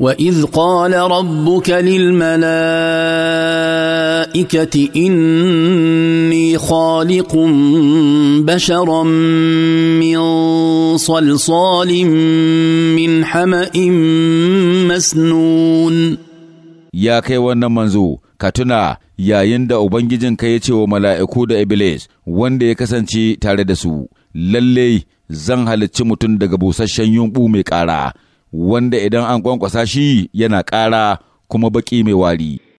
واذ قال ربك للملائكه اني خالق بشرا من صلصال من حما مسنون ya kai wannan manzo ka tuna yayin da ubangijinka ya ce wa mala'iku da iblis wanda ya kasance tare da su lalle zan halicci mutum daga busasshen yunɓu mai ƙara wanda idan an kwankwasa shi yana ƙara kuma baƙi mai wari.